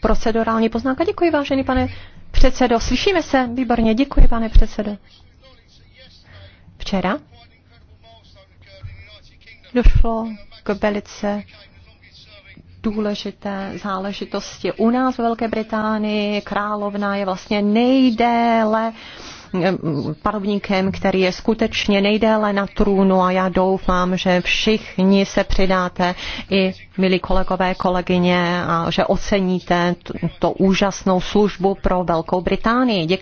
procedurální poznámka. Děkuji, vážený pane předsedo. Slyšíme se? Výborně, děkuji, pane předsedo. Včera došlo k velice důležité záležitosti. U nás ve Velké Británii královna je vlastně nejdéle uh, panovníkem, který je skutečně nejdéle na trůnu a já doufám, že všichni se přidáte i milí kolegové, kolegyně a že oceníte to, úžasnou službu pro Velkou Británii. Děkuji.